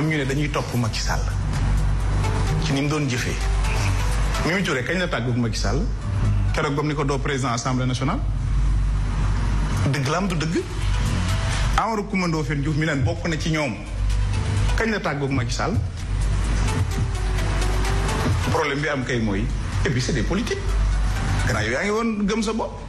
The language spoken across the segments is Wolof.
ñoom ñu ne dañuy topp Macky Sall ci ni mu doon jëfee Mimi Touré kañ la tàggu Macky Sall keroog ba mu ni ko doo président assemblée nationale dëgg la am du dëgg Amadou Coumba Ndoffène Diouf mi naan bokk na ci ñoom kañ la tàggu Macky Sall problème bi am kay mooy et c'est des politiques gannaaw yow yaa ngi woon gëm sa bopp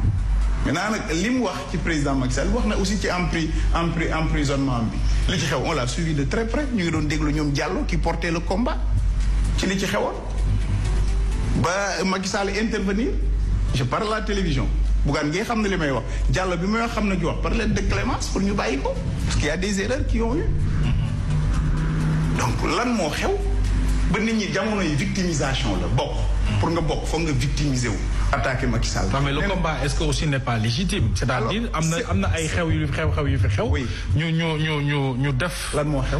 maintenant nag li le président Macky Sall wax aussi ci emprisonnement on l'a suivi de très près nous avons doon déglu ñoom Diallo qui portait le combat ci li ci a ba Macky Sall intervenir je parle à la télévision vous ngay xam ne li may wax Diallo bi may wax xam na wax de clémence pour nous bàyyi parce qu'il y a des erreurs qui ont eu donc lan moo xew ba nit ñi jamono yi victimisation la bokk pour nga il faut nga victimiser attaquer Macky mais le combat est-ce que aussi n'est pas légitime. c'est-à-dire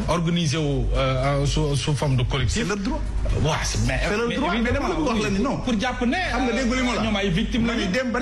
organiser sous forme de collectif. c'est le droit. C'est mais droit pour les Japonais, nous nga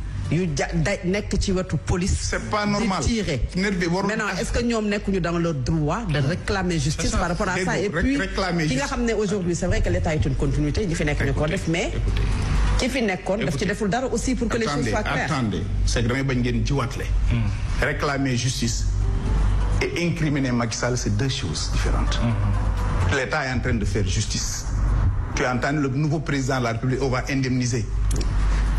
c'est pas normal maintenant est-ce que nous sommes dans le droit de réclamer justice par rapport à ça et puis ki nga ramené aujourd'hui c'est vrai que l'État est une continuité il fait nekk ñu ko def mais ki fi Il daf ci deful aussi pour que les choses soient claires. attendez c'est que une bañ ngeen hmm. réclamer justice et incriminer Macky Sall c'est deux choses différentes. Hmm. l'État est en train de faire justice. tu entends le nouveau président de la République on va indemniser.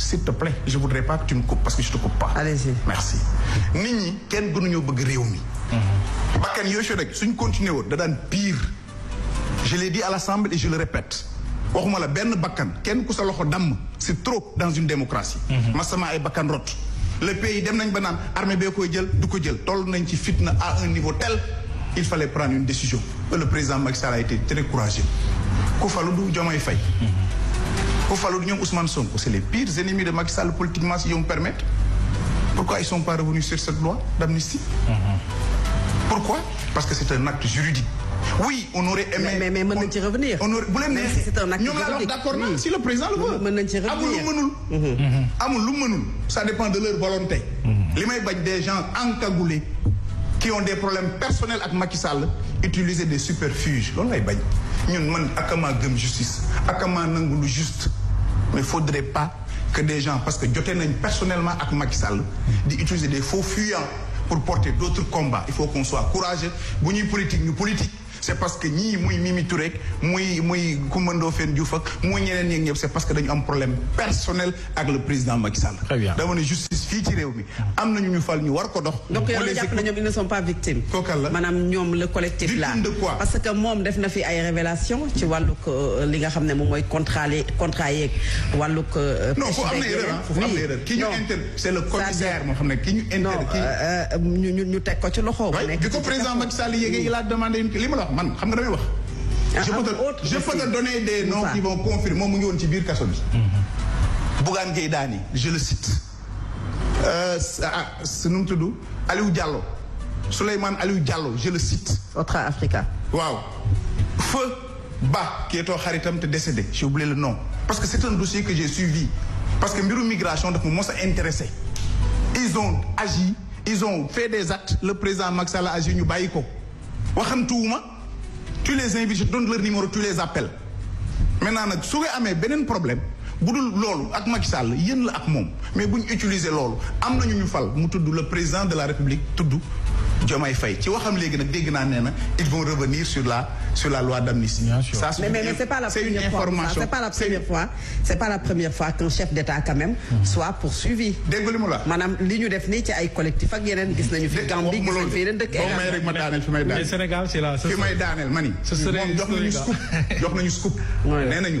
s'il te plaît je voudrais pas que tu me coupes parce que je te coupe pas. allez-y merci. Nini Ken kenn gënuñoo bëgg réew mi. Mhm. bakkan rek suñ continuer pire. je l'ai dit à l'Assemblée et je le répète waxuma la benn bakkan Ken ku sa loxo c'est trop dans une démocratie. Mhm. Massama ay bakkan rot. le pays dem nañ ba armée bee koy jël du ko jël Tol nañ ci fitna à un niveau tel il fallait prendre une décision le président Macky a été très courageux ku falu du Faye. Mhm. Ousmane Sonko c'est les pires ennemis de Macky Sall politiquement si on permet. pourquoi ils sont pas revenus sur cette loi d'amnistie mhm. pourquoi parce que c'est un acte juridique oui on aurait aimé mais mais ne nañ revenir on aurait voulu mais c'est un acte d'accord si le président le veut revenir mhm. Mhm. ça dépend de leur volonté Les des gens encagoulés qui ont des problèmes personnels avec Macky Sall utiliser des superfuges On lay bañ ñun man akama justice akama comment juste mais il faudrait pas que des gens parce que j'étais personnellement avec Macky d'utiliser des faux fuyants pour porter d'autres combats il faut qu'on soit courageux Nous, politiques, politique politiques... politique c'est parce que ñii muy Mimi Touré rek muy muy Coumba Ndoffène Diouf ak muy ñeneen ñeeg ñëpp c'est parce que dañu am problème personnel ak le président Macky Sall. très bien dama ne justice fi ci réew mi amna ñu ñu fal ñu war ko dox. donc yow japp jàpp ils ne sont pas victimes. kookal la maanaam ñoom le collectif là. parce que mom def na fi ay révélations ci walu wàllug euh, li nga xamné mom moy mooy contrat les walu yeeg euh, non foofu am na erreur foofu hein, am erreur ki ñu inter c'est le commissaire mo xamné ki ñu inter. ki euh, ñu ñu teg ko ci loxo. waaye nek ko président Macky Sall yégué il a demandé une mu la man wax. Ah, je peux te donner des noms qui vont confirmer mon ngi won ci biir kasso bi. Mm-hmm. Bougane gey dani je le cite. euh ah, ce nom tudd Aliou Diallo souleyman Aliou Diallo je le cite. Autre Africa. waaw Feu Ba qui est xaritam te décédé j'ai oublié le nom parce que c'est un dossier que j'ai suivi parce que bureau migration daf mo mo sa intéressé ils ont agi ils ont fait des actes le président Macky Sall a agi ñu bàyyi ko waxantuwuma tu les invites je donne leur numéro tu les appelles maintenant si su nga un problème bu dul ak Macky Sall yéen la ak mom mais buñ utiliser loolu amna ñu ñu fal mu le président de la République tudd Diomaye Faye ci waxam léegi nak dégg na nee ils vont revenir sur la sur la loi d'amnistie. bien sûr ça, mais mais, mais c'est pas la première fois c'est pas la première fois c'est pas la première fois qu'un chef d'État quand même. Mhm. soit poursuivi. dégg nga la manam li ñu def ni ci ay collectif ak yenen gis nañu fi. Gambie gis nañu fi yeneen dëkk may rek ma daaneel fi may daaneel. Sénégal c'est la. fi may danel ma ni. moom jox nañu scoop jox nañu scoop nee